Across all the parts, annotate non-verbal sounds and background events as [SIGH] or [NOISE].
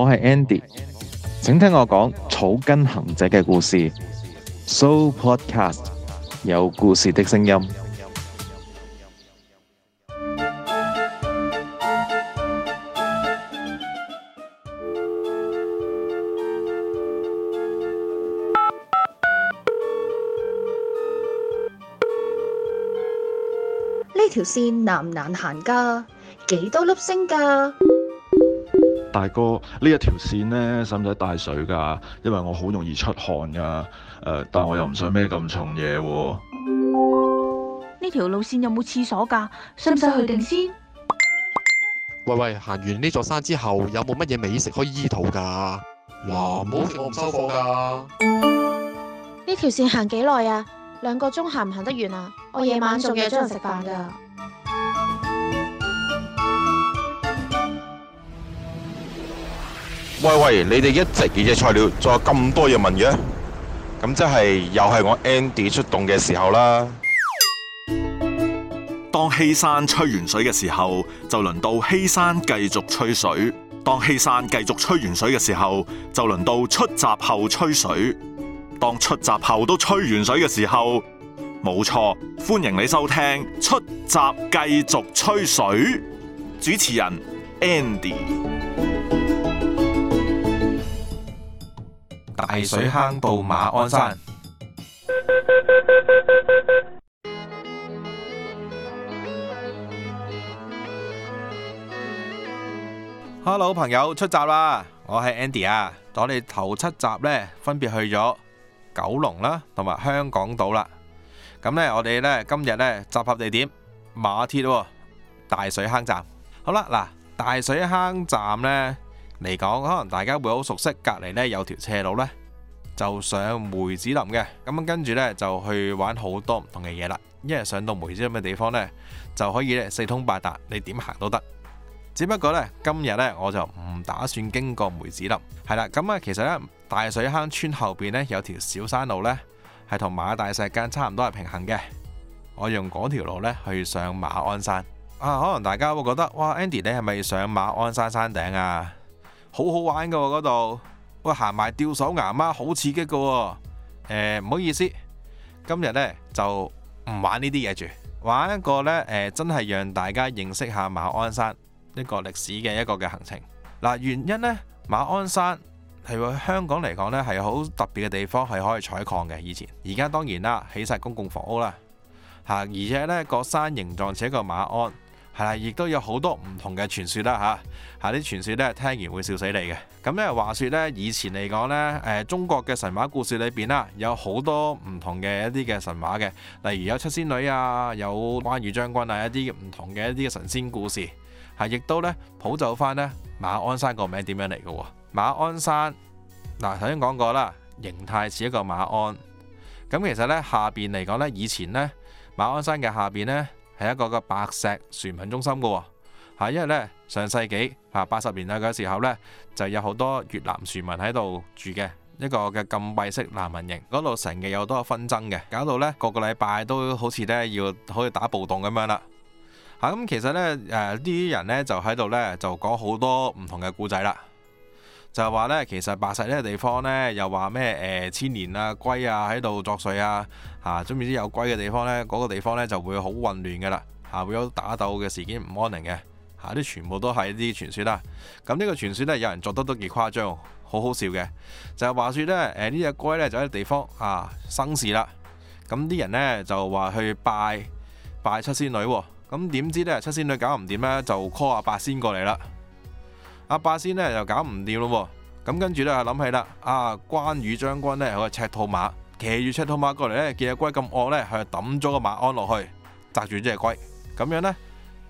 我係 Andy，請聽我講草根行者嘅故事。So Podcast 有故事的聲音。呢條線難唔難行噶？幾多粒星噶？大哥，呢一條線呢使唔使帶水噶？因為我好容易出汗噶。誒、呃，但我又唔想孭咁重嘢喎、哦。呢條路線有冇廁所噶？使唔使去定先？喂喂，行完呢座山之後有冇乜嘢美食可以醫肚噶？嗱，冇好我唔收貨㗎。呢條線行幾耐呀？兩個鐘行唔行得完啊？我夜晚仲約咗人食飯㗎。喂喂，你哋一直熱熱材料有這麼多的，仲有咁多嘢問嘅，咁即係又係我 Andy 出動嘅時候啦。當希山吹完水嘅時候，就輪到希山繼續吹水。當希山繼續吹完水嘅時候，就輪到出閘後吹水。當出閘後都吹完水嘅時候，冇錯，歡迎你收聽出閘繼續吹水。主持人 Andy。大水，大水坑到馬鞍山。Hello，朋友出閘啦！我係 Andy 啊。我哋頭七集呢，分別去咗九龍啦，同埋香港島啦。咁呢，我哋呢今日呢，集合地點馬鐵大水坑站。好啦，嗱，大水坑站呢。嚟講，可能大家會好熟悉。隔離呢有條斜路呢，就上梅子林嘅，咁跟住呢，就去玩好多唔同嘅嘢啦。因為上到梅子林嘅地方呢，就可以呢四通八達，你點行都得。只不過呢，今日呢，我就唔打算經過梅子林係啦。咁啊，其實呢，大水坑村後邊呢，有條小山路呢，係同馬大石間差唔多係平行嘅。我用嗰條路呢，去上馬鞍山啊。可能大家會覺得哇，Andy 你係咪上馬鞍山山頂啊？好好玩噶，嗰度，喂，行埋吊手岩嘛，好刺激噶，誒唔好意思，今日咧就唔玩呢啲嘢住，玩一個咧誒真係讓大家認識下馬鞍山一個歷史嘅一個嘅行程。嗱原因咧，馬鞍山係喎香港嚟講咧係好特別嘅地方，係可以採礦嘅以前，而家當然啦起曬公共房屋啦嚇，而且咧個山形狀似一個馬鞍。係啦，亦都有好多唔同嘅傳說啦，吓，吓啲傳說都係聽完會笑死你嘅。咁因為話說咧，以前嚟講咧，誒中國嘅神話故事裏邊啦，有好多唔同嘅一啲嘅神話嘅，例如有七仙女啊，有關羽將軍啊，一啲唔同嘅一啲嘅神仙故事，係亦都咧普就翻咧馬鞍山個名點樣嚟嘅喎？馬鞍山嗱，頭先講過啦，形態似一個馬鞍。咁其實咧下邊嚟講咧，以前咧馬鞍山嘅下邊咧。係一個嘅白石船民中心噶、哦，吓因為呢，上世紀吓八十年代嘅時候呢，就有好多越南船民喺度住嘅一個嘅禁閉式難民營，嗰度成日有好多紛爭嘅，搞到呢個個禮拜都好似呢要好似打暴動咁樣啦，吓、嗯、咁其實呢，誒、呃、啲人呢就喺度呢，就講好多唔同嘅故仔啦。就係話呢，其實白石呢個地方呢，又話咩誒千年啊龜啊喺度作祟啊，吓、啊，總之有龜嘅地方呢，嗰、那個地方呢就會好混亂噶啦，吓、啊，會有打鬥嘅事件，唔安寧嘅，吓、啊，啲全部都係呢啲傳說啦。咁呢個傳說呢，有人作得都幾誇張，好好笑嘅。就係話說呢誒、呃這個、呢隻龜呢就喺地方啊生事啦，咁啲人呢，就話去拜拜七仙女、啊，咁點知呢，七仙女搞唔掂呢，就 call 阿八仙過嚟啦。阿八仙咧，又搞唔掂咯，咁跟住咧就諗起啦。啊，關羽將軍咧有個赤兔馬，騎住赤兔馬過嚟咧，見隻龜咁惡咧，佢就抌咗個馬鞍落去，砸住隻龜，咁樣咧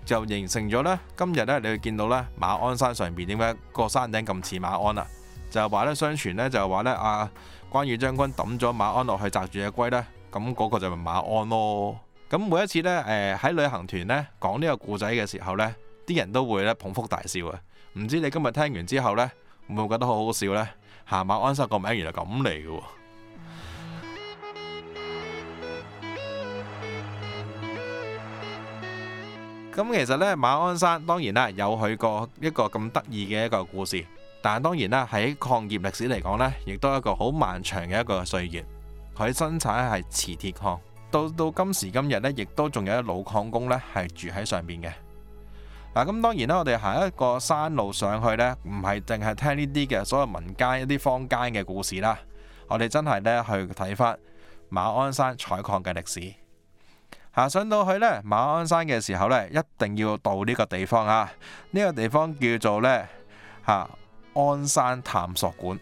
就形成咗咧。今日咧你會見到咧馬鞍山上邊點解個山頂咁似馬鞍呢？就呢相傳，呢就呢啊？就係話咧相傳咧就係話咧，啊關羽將軍抌咗馬鞍落去砸住隻龜咧，咁、那、嗰個就係馬鞍咯。咁每一次咧，誒喺旅行團咧講呢個故仔嘅時候咧，啲人都會咧捧腹大笑嘅。唔知你今日聽完之後咧，會唔會覺得好好笑咧？嚇，馬鞍山個名原來咁嚟嘅喎。咁其實咧，馬鞍山當然啦，有佢個一個咁得意嘅一個故事。但係當然啦，喺礦業歷史嚟講咧，亦都係一個好漫長嘅一個歲月。佢生產係磁鐵礦，到到今時今日咧，亦都仲有啲老礦工咧係住喺上面嘅。嗱，咁當然啦，我哋行一個山路上去呢，唔係淨係聽呢啲嘅所有民間一啲坊間嘅故事啦。我哋真係呢去睇翻馬鞍山採礦嘅歷史。行上到去呢，馬鞍山嘅時候呢，一定要到呢個地方啊。呢、呢個地方叫做呢，嚇鞍山探索館。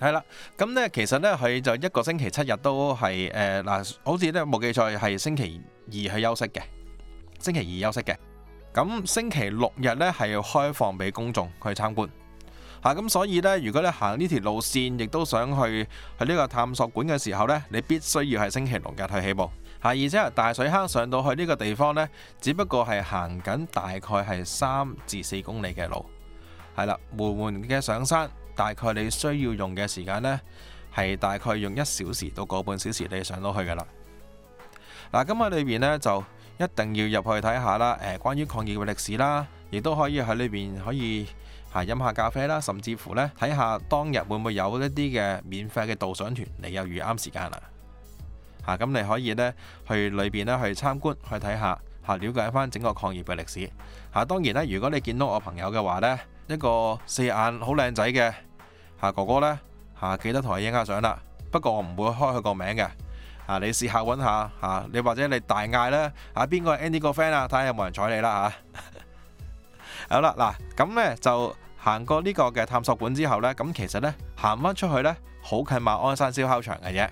係啦，咁呢其實呢，佢就一個星期七日都係誒，嗱，好似呢，冇記錯係星期二去休息嘅，星期二休息嘅。咁星期六日呢，係要開放俾公眾去參觀，吓，咁所以呢，如果你行呢條路線，亦都想去去呢個探索館嘅時候呢，你必須要係星期六日去起步，吓，而且大水坑上到去呢個地方呢，只不過係行緊大概係三至四公里嘅路，係啦，緩緩嘅上山，大概你需要用嘅時間呢，係大概用一小時到個半小時你上到去噶啦。嗱，今日裏邊呢就。一定要入去睇下啦，誒，關於礦業嘅歷史啦，亦都可以喺裏邊可以嚇飲下咖啡啦，甚至乎呢睇下當日會唔會有一啲嘅免費嘅導賞團，你又預啱時間啦嚇，咁、啊、你可以呢去裏邊呢去參觀，去睇下嚇，了解翻整個礦業嘅歷史嚇、啊。當然咧，如果你見到我朋友嘅話呢，一個四眼好靚仔嘅嚇哥哥呢，嚇，記得同佢影下相啦。不過我唔會開佢個名嘅。啊！你試下揾下嚇、啊，你或者你大嗌咧啊！邊個係 Andy 個 friend 啊？睇下有冇人睬你啦嚇。啊、 [LAUGHS] 好啦，嗱咁呢就行過呢個嘅探索館之後呢，咁其實呢，行翻出去呢，好近馬鞍山燒烤場嘅啫。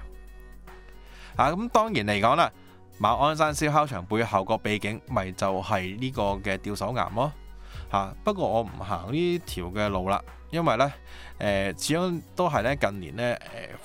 啊！咁當然嚟講啦，馬鞍山燒烤場背後的個背景咪就係呢個嘅吊手岩咯嚇。不過我唔行呢條嘅路啦，因為呢，誒、呃，始終都係呢近年呢，誒、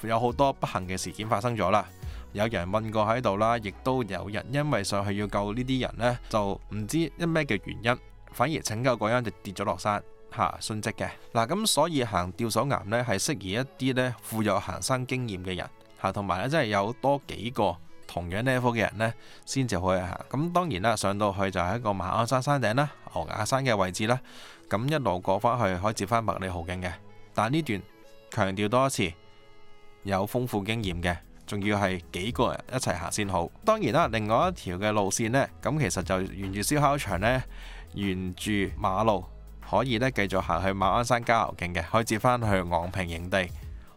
呃、有好多不幸嘅事件發生咗啦。有人問過喺度啦，亦都有人因為上去要救呢啲人呢，就唔知因咩嘅原因，反而拯救嗰人就跌咗落山嚇，殉職嘅嗱。咁所以行吊手岩呢，係適宜一啲呢富有行山經驗嘅人嚇，同埋呢，真係有多幾個同樣 level 嘅人呢，先至去行。咁當然啦，上到去就係一個馬鞍山山頂啦，牛押山嘅位置啦。咁一路過返去可以接返麥理浩徑嘅，但呢段強調多一次，有豐富經驗嘅。仲要係幾個人一齊行先好。當然啦，另外一條嘅路綫呢，咁其實就沿住燒烤場呢，沿住馬路可以呢繼續行去馬鞍山郊遊徑嘅，可以接返去昂平營地，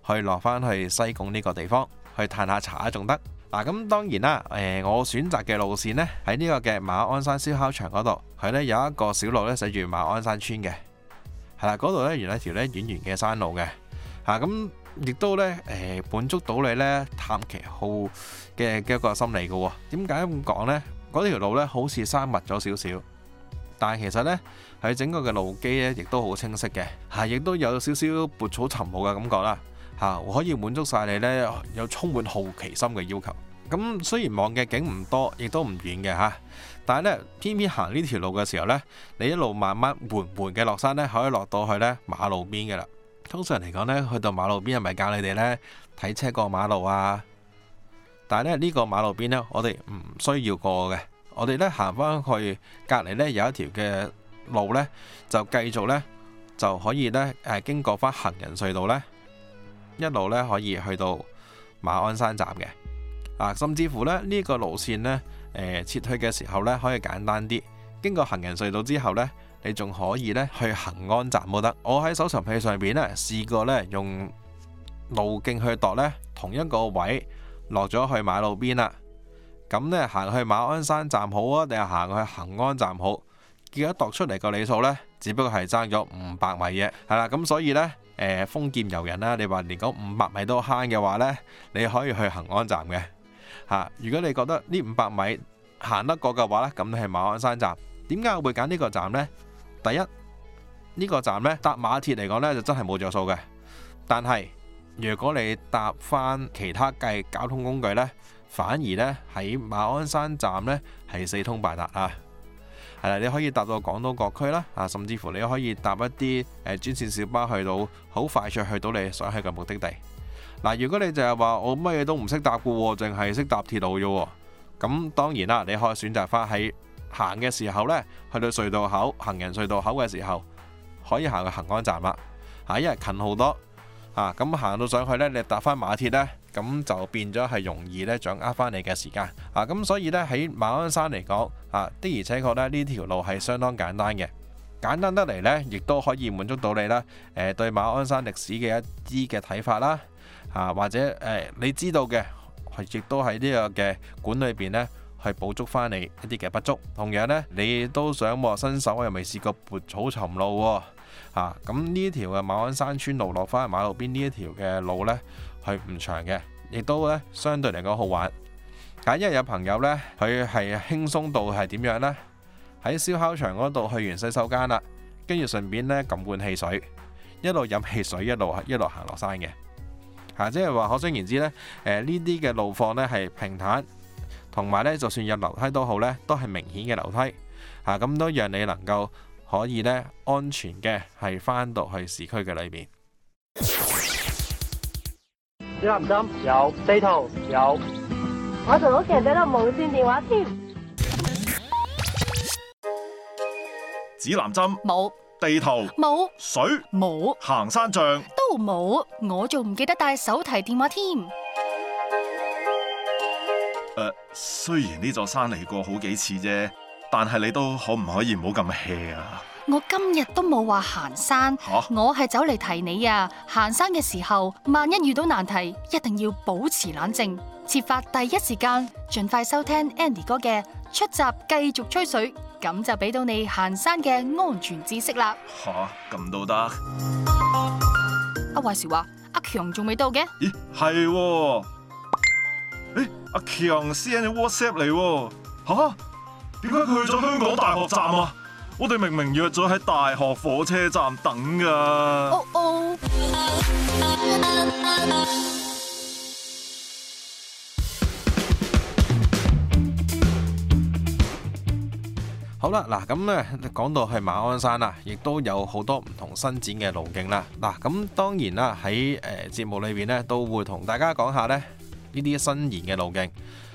去落返去西貢呢個地方去嘆下茶啊仲得。嗱，咁當然啦，誒，我選擇嘅路綫呢，喺呢個嘅馬鞍山燒烤場嗰度，係呢有一個小路呢，寫住馬鞍山村嘅，係、啊、啦，嗰度呢原係條呢遠遠嘅山路嘅，吓、啊、咁。亦都咧，誒滿足到你咧探奇好嘅嘅一個心理嘅喎。點解咁講咧？嗰條路咧好似山密咗少少，但係其實咧喺整個嘅路基咧，亦都好清晰嘅。嚇，亦都有少少撥草尋路嘅感覺啦。嚇，可以滿足曬你咧有充滿好奇心嘅要求。咁雖然望嘅景唔多，亦都唔遠嘅嚇，但係咧偏偏行呢條路嘅時候咧，你一路慢慢緩緩嘅落山咧，可以落到去咧馬路邊嘅啦。通常嚟講咧，去到馬路邊係咪教你哋呢？睇車過馬路啊？但係咧呢個馬路邊呢，我哋唔需要過嘅。我哋呢行翻，去隔籬呢有一條嘅路呢，就繼續呢就可以呢誒，經過翻行人隧道呢。一路呢可以去到馬鞍山站嘅啊。甚至乎呢呢個路綫呢，誒撤退嘅時候呢可以簡單啲，經過行人隧道之後呢。你仲可以咧去恒安站冇得。我喺搜尋器上邊咧試過咧用路徑去度咧，同一個位落咗去馬路邊啦。咁咧行去馬鞍山站好啊，定係行去恒安站好？結果度出嚟個里數咧，只不過係爭咗五百米嘅。係啦，咁所以咧，誒，封建遊人啦，你話連個五百米都慳嘅話咧，你可以去恒安站嘅。吓，如果你覺得呢五百米行得過嘅話咧，咁係馬鞍山站。點解我會揀呢個站呢？第一呢、呢個站咧，搭馬鐵嚟講呢就真係冇著數嘅。但係如果你搭返其他計交通工具呢，反而呢喺馬鞍山站呢係四通八達啊！係啦，你可以搭到廣東各區啦，啊，甚至乎你可以搭一啲誒專線小巴去到，好快脆去到你想去嘅目的地。嗱，如果你就係話我乜嘢都唔識搭嘅喎，淨係識搭鐵路嘅喎，咁當然啦，你可以選擇返喺。行嘅時候呢，去到隧道口、行人隧道口嘅時候，可以行去恒安站啦。啊，一日近好多。啊，咁行到上去呢，你搭翻馬鐵呢，咁就變咗係容易咧，掌握翻你嘅時間。啊，咁所以呢，喺馬鞍山嚟講，啊的而且確呢，呢條路係相當簡單嘅，簡單得嚟呢，亦都可以滿足到你啦。誒，對馬鞍山歷史嘅一啲嘅睇法啦。啊，或者誒，你知道嘅，亦都喺呢個嘅館裏邊呢。係捕捉返你一啲嘅不足，同樣呢，你都想學新、哦、手又未試過撥草尋路喎，咁呢一條嘅馬鞍山村路落返去馬路邊呢一條嘅路呢係唔長嘅。亦都呢相對嚟講好玩，但因為有朋友呢，佢係輕鬆到係點樣呢？喺燒烤場嗰度去完洗手間啦，跟住順便呢撳罐汽水，一路飲汽水一路一路行落山嘅嚇、啊，即係話可想而知、呃、呢，誒呢啲嘅路況呢係平坦。同埋咧，就算入樓梯都好咧，都係明顯嘅樓梯，吓咁都讓你能夠可以咧安全嘅係翻到去市區嘅裏邊。指南針有，地圖有，我仲好記得帶無線電話添。指南針冇，地圖冇，水冇，行山杖都冇，我仲唔記得帶手提電話添。雖然呢座山嚟過好幾次啫，但係你都可唔可以唔好咁 hea 啊？我今日都冇話行山，我係走嚟提你呀。行山嘅時候，萬一遇到難題，一定要保持冷靜，設法第一時間盡快收聽 Andy 哥嘅出集，繼續吹水，咁就俾到你行山嘅安全知識啦。吓咁都得。阿華時話阿強仲未到嘅？咦係。阿強 send WhatsApp 嚟喎、啊，嚇、啊？點解佢去咗香港大學站啊？我哋明明約咗喺大學火車站等啊！Oh oh. 好啦，嗱咁咧，講到係馬鞍山啊，亦都有好多唔同伸展嘅路徑啦。嗱咁當然啦，喺誒節目裏邊咧，都會同大家講下咧。呢啲伸延嘅路徑，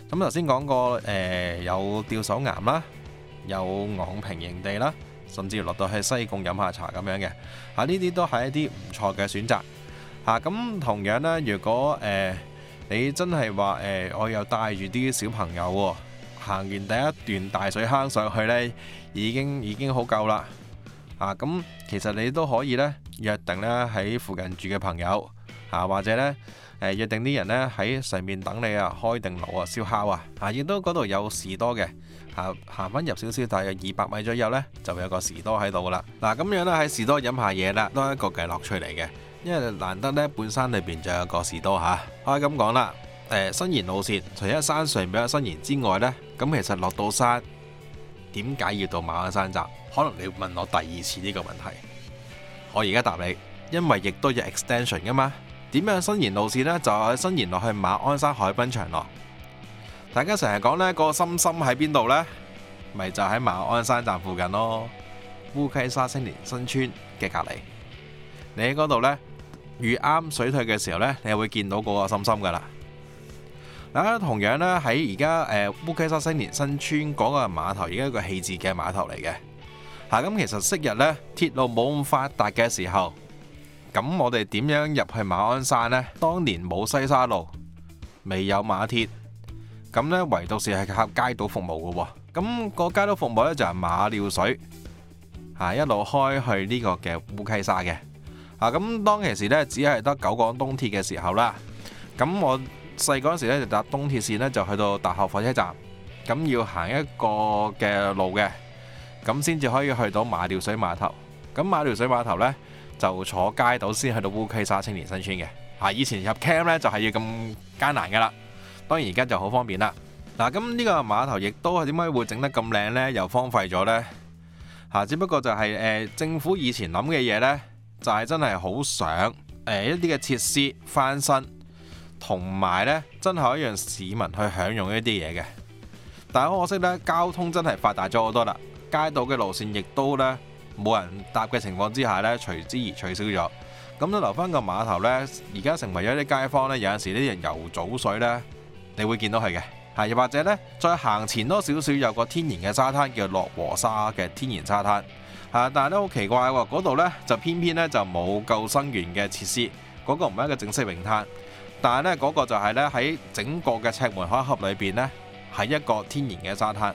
咁頭先講過誒、呃，有吊手岩啦，有昂平營地啦，甚至落到去西貢飲下茶咁樣嘅，嚇，呢啲都係一啲唔錯嘅選擇，嚇、啊、咁同樣呢，如果誒、呃、你真係話誒，我又帶住啲小朋友喎，行完第一段大水坑上去呢，已經已經好夠啦，嚇、啊、咁其實你都可以呢約定呢喺附近住嘅朋友嚇、啊、或者呢。誒約定啲人呢，喺上面等你啊，開定爐啊，燒烤啊，啊亦都嗰度有士多嘅，行行翻入少少，大約二百米左右呢，就有個個士多喺度啦。嗱、啊，咁樣呢，喺士多飲下嘢啦，都係一個嘅樂趣嚟嘅，因為難得呢，半山裏面就有個士多吓可以咁講啦，誒伸延路線除咗山上比較伸延之外呢，咁其實落到山點解要到馬鞍山站？可能你問我第二次呢個問題，我而家答你，因為亦都有 extension 噶嘛。點樣伸延路線呢？就喺伸延落去馬鞍山海濱長廊。大家成日講呢個心心喺邊度呢？咪、那個、就喺馬鞍山站附近咯，烏溪沙青年新村嘅隔籬。你喺嗰度呢，遇啱水退嘅時候呢，你就會見到嗰個心心噶啦。嗱，同樣呢，喺而家誒烏溪沙青年新村嗰個碼頭，而家一個棄置嘅碼頭嚟嘅。吓、啊，咁其實昔日呢，鐵路冇咁發達嘅時候。咁我哋點樣入去馬鞍山咧？當年冇西沙路，未有馬鐵，咁咧唯獨是係靠街道服務嘅喎。咁個街道服務咧就係馬料水，吓一路開去呢個嘅烏溪沙嘅。啊，咁當其時咧只係得九廣東鐵嘅時候啦。咁我細嗰陣時咧就搭東鐵線咧就去到大學火車站，咁要行一個嘅路嘅，咁先至可以去到馬料水碼頭。咁馬料水碼頭咧，就坐街渡先去到烏溪沙青年新村嘅，嚇！以前入 camp 咧就係要咁艱難嘅啦，當然而家就好方便啦。嗱，咁呢個碼頭亦都係點解會整得咁靚呢？又荒廢咗呢。嚇！只不過就係、是、誒、呃、政府以前諗嘅嘢呢，就係真係好想誒一啲嘅設施翻新，同埋呢真係可以讓市民去享用呢啲嘢嘅。但係可惜呢，交通真係發達咗好多啦，街渡嘅路線亦都呢。冇人搭嘅情況之下咧，隨之而取消咗。咁咧留翻個碼頭呢，而家成為咗啲街坊呢。有陣時啲人游早水呢，你會見到佢嘅。嚇，又或者呢，再行前多少少有個天然嘅沙灘，叫落和沙嘅天然沙灘。嚇，但係都好奇怪喎，嗰度呢就偏偏呢就冇救生員嘅設施。嗰個唔係一個正式泳灘，但係呢，嗰個就係呢，喺整個嘅赤門海峽裏邊呢，係一個天然嘅沙灘。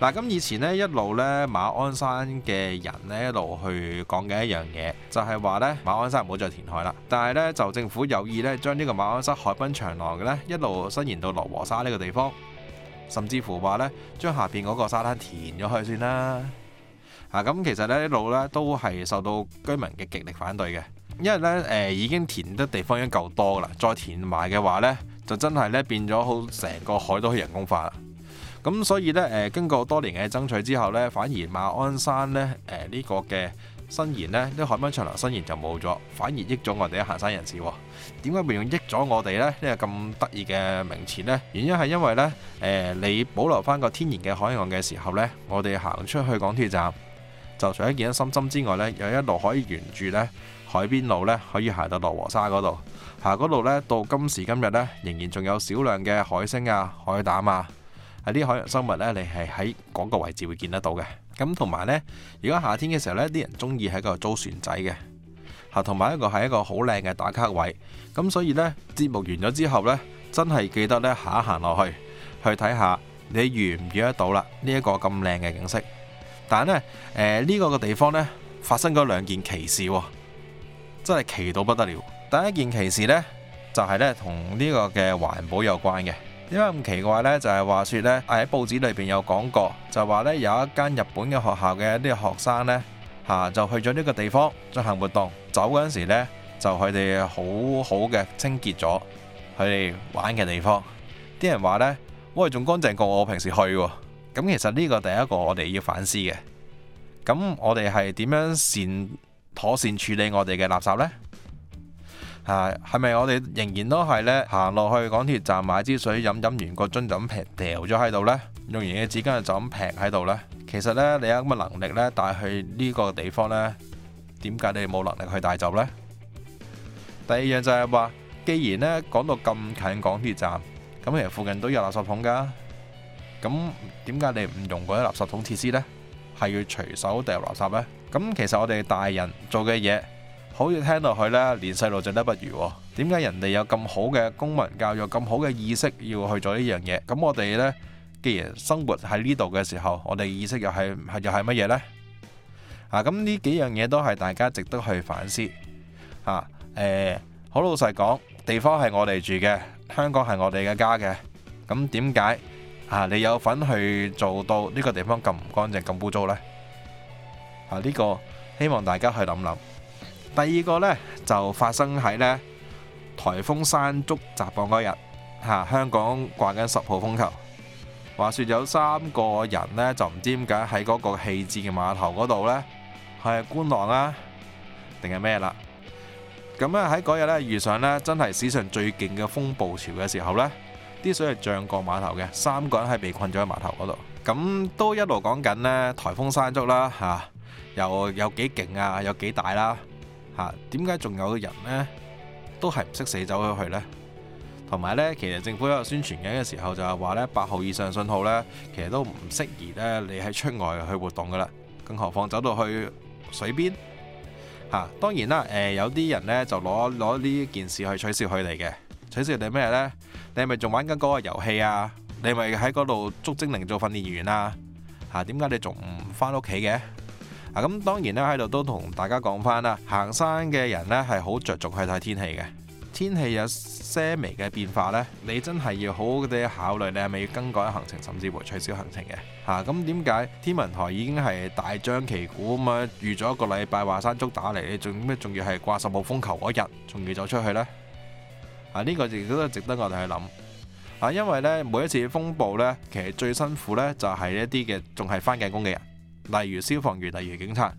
嗱，咁以前呢一路呢馬鞍山嘅人呢一路去講緊一樣嘢，就係話呢馬鞍山唔好再填海啦。但係呢，就政府有意呢將呢個馬鞍山海濱長廊嘅呢一路伸延到落禾沙呢個地方，甚至乎話呢將下邊嗰個沙灘填咗去先啦。咁其實呢一路呢都係受到居民嘅極力反對嘅，因為呢誒已經填得地方已經夠多啦，再填埋嘅話呢，就真係呢變咗好成個海都可以人工化啦。咁所以呢，誒、呃、經過多年嘅爭取之後呢，反而馬鞍山呢誒呢、呃這個嘅伸延呢，啲海濱長廊伸延就冇咗，反而益咗我哋啲行山人士、哦。點解會用益咗我哋呢？呢、這個咁得意嘅名詞呢，原因係因為呢，呃、你保留返個天然嘅海岸嘅時候呢，我哋行出去港鐵站就除咗見到深深之外呢，有一路可以沿住呢海邊路呢，可以行到落禾沙嗰度。行嗰度呢，到今時今日呢，仍然仲有少量嘅海星啊、海膽啊。啲海洋生物咧，你係喺嗰個位置會見得到嘅。咁同埋呢，如果夏天嘅時候呢，啲人中意喺嗰度租船仔嘅，吓同埋一個係一個好靚嘅打卡位。咁所以呢，節目完咗之後呢，真係記得呢，下一行落去，去睇下你遇唔遇得到啦呢一個咁靚嘅景色。但係咧，誒、呃、呢、呢個嘅地方呢，發生咗兩件奇事，真係奇到不得了。第一件奇事呢，就係呢，同呢個嘅環保有關嘅。因為咁奇怪呢，就係話說呢，係喺報紙裏邊有講過，就話呢，有一間日本嘅學校嘅一啲學生呢，吓，就去咗呢個地方進行活動，走嗰陣時呢，就佢哋好好嘅清潔咗佢哋玩嘅地方。啲人話呢，喂，仲乾淨過我平時去的。咁其實呢個第一個我哋要反思嘅。咁我哋係點樣善，妥善處理我哋嘅垃圾呢？啊，係咪我哋仍然都係呢，行落去港鐵站買支水飲，飲完個樽就咁撇掉咗喺度呢？用完嘅紙巾就咁撇喺度呢？其實呢，你有咁嘅能力呢，帶去呢個地方呢，點解你冇能力去帶走呢？第二樣就係話，既然呢講到咁近港鐵站，咁其實附近都有垃圾桶㗎，咁點解你唔用嗰啲垃圾桶設施呢？係要隨手掉垃圾呢？咁其實我哋大人做嘅嘢。好似聽落去呢，連細路仔都不如。點解人哋有咁好嘅公民教育，咁好嘅意識，要去做呢樣嘢？咁我哋呢，既然生活喺呢度嘅時候，我哋意識又係係又係乜嘢呢？啊，咁呢幾樣嘢都係大家值得去反思嚇。誒，好老實講，地方係我哋住嘅，香港係我哋嘅家嘅。咁點解啊？你有份去做到呢個地方咁唔乾淨、咁污糟呢？啊，呢個希望大家去諗諗。第二個呢，就發生喺呢颱風山竹襲港嗰日，嚇、啊、香港掛緊十號風球，話説有三個人呢就唔知點解喺嗰個棄置嘅碼頭嗰度呢，係觀浪啊，定係咩啦？咁咧喺嗰日咧遇上呢真係史上最勁嘅風暴潮嘅時候呢，啲水係漲過碼頭嘅，三個人係被困咗喺碼頭嗰度，咁都一路講緊呢颱風山竹啦，嚇、啊、又有幾勁啊，有幾大啦、啊。吓，點解仲有嘅人咧，都係唔識死走咗去咧？同埋咧，其實政府喺度宣傳緊嘅時候就係話咧，八號以上信號咧，其實都唔適宜咧，你喺出外去活動噶啦。更何況走到去水邊吓，當然啦，誒有啲人咧就攞攞呢件事去取笑佢哋嘅，取笑你咩咧？你係咪仲玩緊嗰個遊戲啊？你係咪喺嗰度捉精靈做訓練員啊？吓，點解你仲唔返屋企嘅？啊，咁當然呢喺度都同大家講翻啦，行山嘅人呢，係好着重去睇天氣嘅，天氣有些微嘅變化呢，你真係要好好地考慮你係咪要更改行程，甚至乎取消行程嘅。嚇、啊，咁點解天文台已經係大張旗鼓咁樣預咗一個禮拜話山竹打嚟，你仲咩仲要係掛十號風球嗰日仲要走出去呢？啊，呢、呢個亦都值得我哋去諗。啊，因為呢，每一次風暴呢，其實最辛苦呢，就係、是、一啲嘅仲係翻緊工嘅人。例如消防員、例如警察，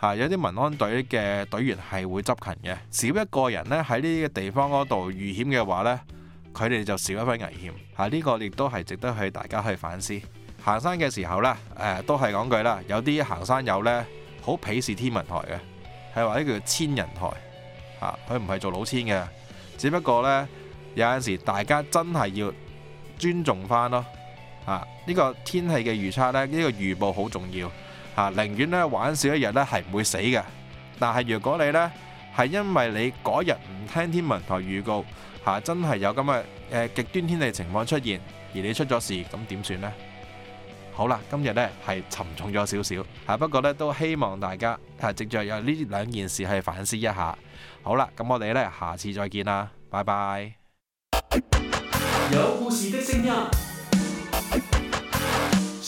吓有啲民安隊嘅隊員係會執勤嘅，少一個人呢喺呢個地方嗰度遇險嘅話呢，佢哋就少一分危險。吓、這、呢個亦都係值得去大家去反思。行山嘅時候呢，誒、呃、都係講句啦，有啲行山友呢，好鄙視天文台嘅，係話呢叫千人台，吓佢唔係做老千嘅，只不過呢，有陣時大家真係要尊重返咯。啊！呢個天氣嘅預測咧，呢、呢個預報好重要。吓，寧願咧玩少一日咧係唔會死嘅。但係如果你呢係因為你嗰日唔聽天文台預告，吓真係有咁嘅誒極端天氣情況出現，而你出咗事，咁點算呢？好啦，今日呢係沉重咗少少。吓，不過呢，都希望大家係藉著有呢兩件事去反思一下。好啦，咁我哋呢，下次再見啦，拜拜。有故事的聲音。